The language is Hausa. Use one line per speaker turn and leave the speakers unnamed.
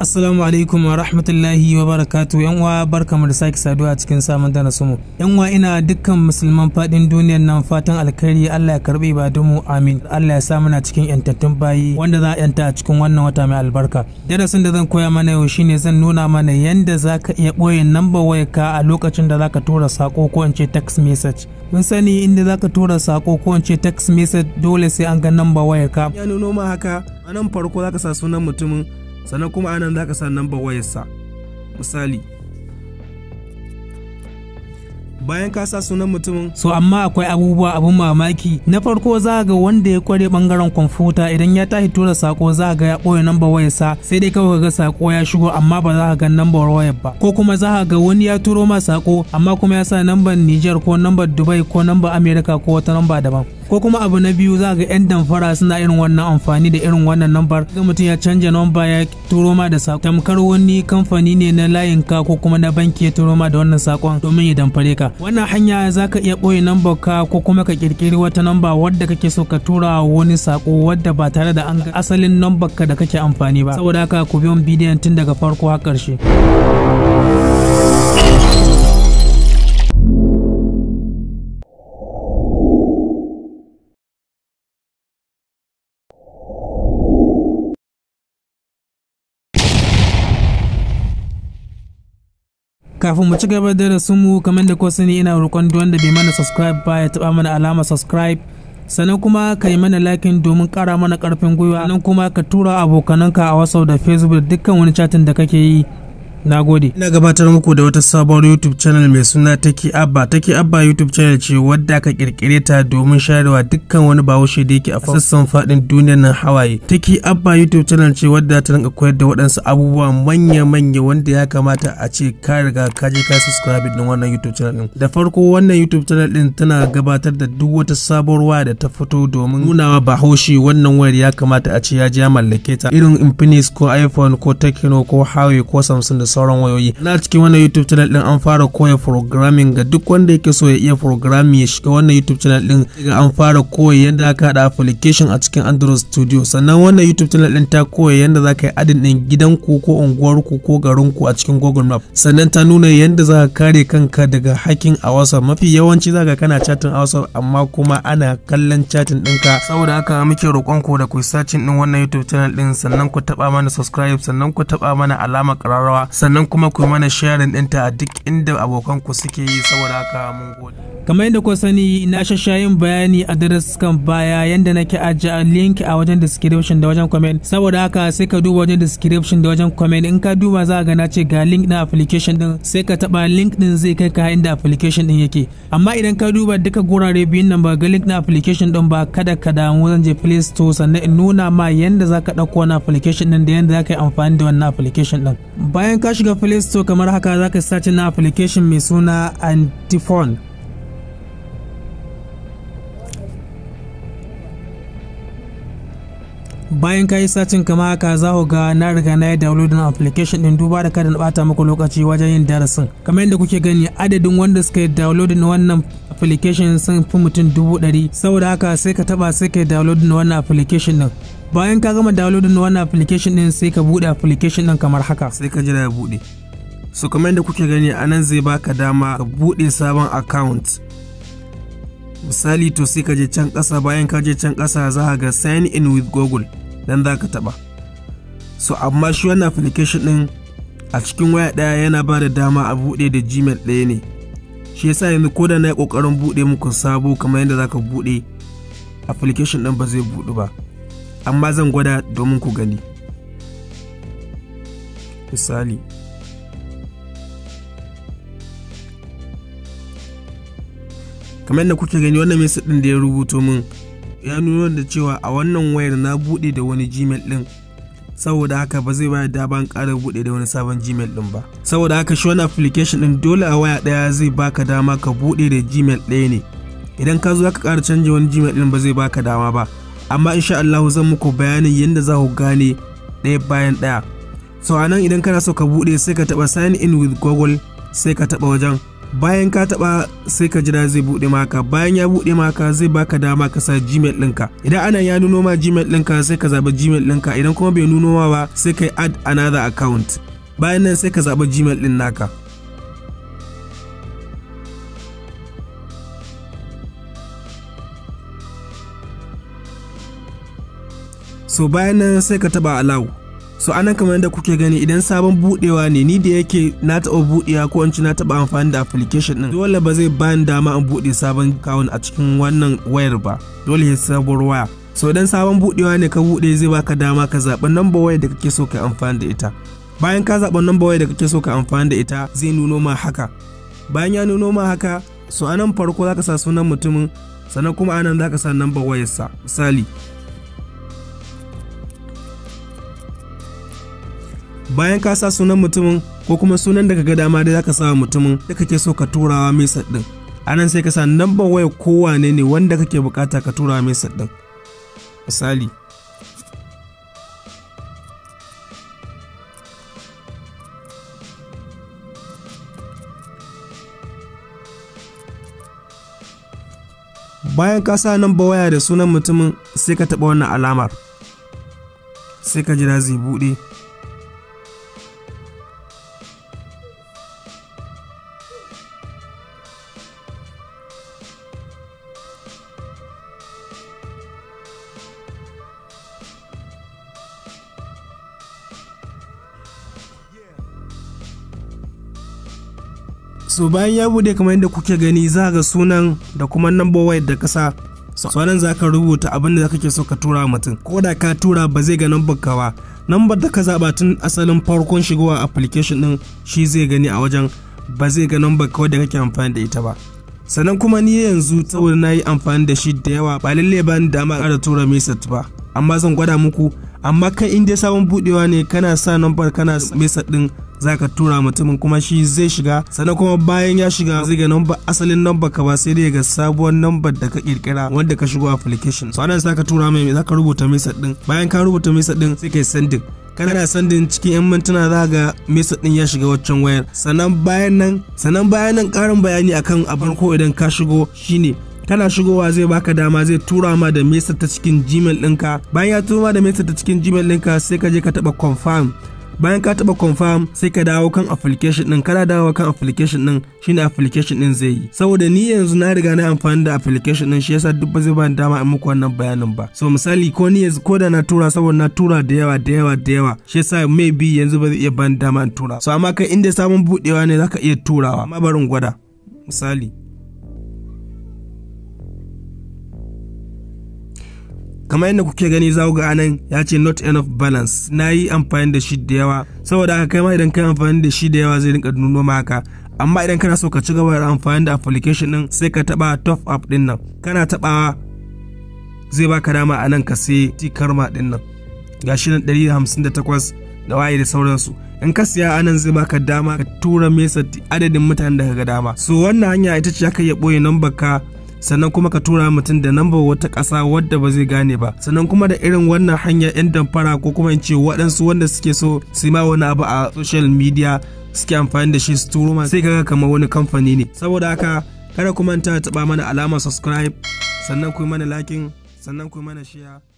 Assalamu alaikum wa rahmatullahi wa barakatu yan uwa barka mu da sake saduwa cikin samun da mu. Yan uwa ina dukkan musulman fadin duniyar nan fatan alkhairi Allah ya karbi mu, amin. Allah ya sa muna cikin yantattun bayi wanda za a yanta a cikin wannan wata mai albarka. Darasin da zan koya mana yau shine zan nuna mana yanda za ka iya ɓoye namba wayarka a lokacin da za tura sako ko in ce text message. Mun sani inda zaka tura sako ko in ce text message dole sai an ga namba wayarka. Ya nuno ma haka a nan farko za sa sunan mutumin sannan kuma anan za ka sa namba wayarsa misali bayan ka sa sunan mutumin. So amma akwai abubuwa abun mamaki. Na farko za ga wanda ya kware bangaren kwamfuta idan ya tashi tura sako za ga ya ɓoye namba wayarsa sai dai kawai ga sako ya shigo amma ba za ga nambar wayar ba. Ko kuma za ga wani ya turo ma sako amma kuma ya sa nambar Niger ko nambar Dubai ko nambar America ko wata namba daban. ko kuma abu na biyu za ga 'yan damfara suna irin wannan amfani da irin wannan nambar ga mutum ya canja namba ya turo ma da sako tamkar wani kamfani ne na layin ka ko kuma na banki ya turo ma da wannan sakon domin ya damfare ka wannan hanya za ka iya boye nambar ka ko kuma ka kirkiri wata namba wadda kake so ka tura wani sako wadda ba tare da an ga asalin nambar ka da kake amfani ba saboda haka ku biyo bidiyon tun daga farko har ƙarshe. kafin mu ci gaba da mu kamar da ko sani ina roƙon duk wanda bai mana subscribe ba ya taba mana alama subscribe sannan kuma ka yi mana lakin domin kara mana karfin gwiwa sannan kuma ka tura abokananka a wasau da facebook da dukkan wani chatin da kake yi na gode ina gabatar muku da wata sabuwar youtube channel mai suna take abba take abba youtube channel ce wadda aka kirkire ta domin sharewa dukkan wani bahaushe da yake a sassan fadin duniyar nan hawaye take abba youtube channel ce wadda ta rinka koyar da waɗansu abubuwa manya-manya wanda ya kamata a ce ka riga ka je ka subscribe din wannan youtube channel din da farko wannan youtube channel din tana gabatar da duk wata sabuwar da ta fito domin nunawa bahaushe wannan wayar ya kamata a ce ya je ya mallake ta irin infinix ko iphone ko tekno ko huawei ko samsung sauran wayoyi na cikin wannan youtube channel din an fara koya programming ga duk wanda yake so ya iya programming ya shiga wannan youtube channel din ga an fara koya yadda aka hada application a cikin android studio sannan wannan youtube channel din ta koya yadda za ka yi adin din gidanku ko unguwarku ko garinku a cikin google map sannan ta nuna yadda za ka kare kanka daga hacking a whatsapp mafi yawanci za ka kana chatting a whatsapp amma kuma ana kallon chatting ɗinka saboda haka muke roƙonku da ku searching din wannan youtube channel din sannan ku taba mana subscribe sannan ku taba mana alamar ƙararrawa sannan kuma ku mana sharing dinta a duk inda abokanku suke yi saboda haka mun gode. kamar yadda ku sani na shashayin bayani a kan baya yadda nake ajiye link a wajen description da wajen comment saboda haka sai ka duba wajen description da wajen comment in ka duba za ka gana ce ga link na application din sai ka taba link din zai kai ka inda application din yake amma idan ka duba duka gurare biyun nan ba ga link na application din ba kada ka damu zan je play store sannan in nuna ma yadda za ka ɗauko wani application din da yadda za ka yi amfani da wannan application din bayan ka ka shiga Play Store kamar haka za ka sace na application mai suna Antiphone. bayan ka yi sacin kama haka za ku ga na riga na yi downloading application din duba da kada na bata muku lokaci wajen yin darasin kamar yadda kuke gani adadin wanda suka yi downloading wannan application sun fi mutum dubu ɗari saboda haka sai ka taba sai ka yi downloading wannan application din bayan ka gama downloading wannan application din sai ka buɗe application din kamar haka sai ka jira ya buɗe so kamar yadda kuke gani anan zai baka dama ka buɗe sabon account misali to sai ka je can ƙasa bayan ka je can ƙasa za ka ga sign in with google nan za ka taɓa so amma shi wannan application ɗin a cikin waya ɗaya yana ba da dama a buɗe da gmail ɗaya ne shi yasa yanzu ko da na yi ƙoƙarin buɗe muku sabo kamar yadda za ka buɗe application ɗin ba zai buɗu ba amma zan gwada domin ku gani misali kamar yadda kuke gani wannan message din da ya rubuto min ya nuna da cewa a wannan wayar na bude da wani gmail din saboda haka ba zai bayar daban ƙara bude da wani sabon gmail ɗin ba saboda haka shi wannan application din dole a waya daya zai baka dama ka bude da gmail ɗaya ne idan ka zo ka ƙara canja wani gmail din ba zai baka dama ba amma insha Allah zan muku bayanin yadda za ku gane ɗaya bayan ɗaya so anan idan kana so ka bude sai ka taɓa sign in with google sai ka taɓa wajen bayan ka taba sai ka jira zai bude maka bayan ya bude maka zai baka dama ka sa gmail ɗinka idan ana ya nuno ma gmail ɗinka sai ka zaɓi gmail ɗinka idan kuma bai nuno ma ba sai ka add another account bayan nan sai ka zaɓi gmail ɗin naka so bayan nan sai ka taba allow so anan kamar yadda kuke gani idan sabon budewa ne ni da yake na taɓa budewa ko in na taɓa amfani da application din dole ba zai bani dama in bude sabon kawun a cikin wannan wayar ba dole ya sabuwar waya so dan sabon budewa ne ka bude zai baka dama ka zaɓi number waya da kake so ka amfani da ita bayan ka zaɓi number waya da kake so ka amfani da ita zai nuno ma haka bayan ya nuno ma haka so anan farko zaka sa sunan mutumin sannan kuma anan zaka sa number wayarsa misali bayan ka sa sunan mutumin ko kuma sunan da ga dama dai zaka sa mutumin da kake so ka turawa mai din anan sai ka sa number waya kowane ne wanda kake bukata ka turawa mai din misali bayan ka sa number waya da sunan mutumin sai ka taɓa wannan alamar sai ka jira zai buɗe so bayan ya bude kamar yadda kuke gani za ga sunan da kuma number wire da kasa sauran za ka rubuta abin da kake so ka tura mutum ko da ka tura ba zai ga number ka ba number da ka zaba tun asalin farkon shigowa application din shi zai gani a wajen ba zai ga number ka wadda kake amfani da ita ba sannan kuma ni yanzu saboda na yi amfani da shi da yawa ba lallai ba ni dama da tura mesat ba amma zan gwada muku amma kan in dai sabon budewa ne kana sa nambar kana mesat din zaka tura mutumin kuma shi zai shiga sannan kuma bayan ya shiga zai ga asalin namba ka ba sai dai ga sabuwar nambar da ka kirkira wanda ka shigo application so anan zaka tura mai zaka rubuta mesat din bayan ka rubuta mesat din sai kai sending kana din cikin 'yan mintuna za ga mesa din ya shiga waccan wayar sannan bayan nan sannan bayan nan karin bayani akan a ko idan ka shigo shine kana shigowa zai baka dama zai tura ma da mesa ta cikin gmail ɗinka bayan ya tura ma da mesa ta cikin gmail ɗinka sai ka je ka taɓa confirm bayan ka taba confirm sai ka dawo kan application din kana dawo kan application din shine application din zai yi saboda ni yanzu na riga na amfani da application din shi yasa duk ba zai ba dama in muku wannan bayanin ba so misali ko ni yanzu ko da na tura saboda na tura da yawa da yawa da yawa shi yasa maybe yanzu ba zai iya bani dama in tura so amma kai inda samun budewa ne zaka iya turawa amma barin gwada misali kamar yadda kuke gani za ga anan ya ce not enough balance na yi amfani da shi da yawa saboda haka kai ma idan kai amfani da shi da yawa zai rinka nuno maka amma idan kana so ka ci gaba da amfani da application din sai ka taba top up din nan kana tabawa zai baka dama a nan ka sai tikarma din nan gashi nan 158 da waye da sauransu in ka siya anan zai baka dama ka tura mesa adadin mutanen da ka ga dama so wannan hanya ita ce aka iya boye number ka sannan kuma ka tura mutum da namba wata ƙasa wadda ba zai gane ba sannan kuma da irin wannan hanya 'yan damfara ko kuma in ce waɗansu wanda suke so su ma wani abu a social media suke amfani da shi su turo ma sai kaga kamar wani kamfani ne saboda haka kada ku manta taɓa mana alamar subscribe sannan ku yi mana lakin sannan ku yi mana share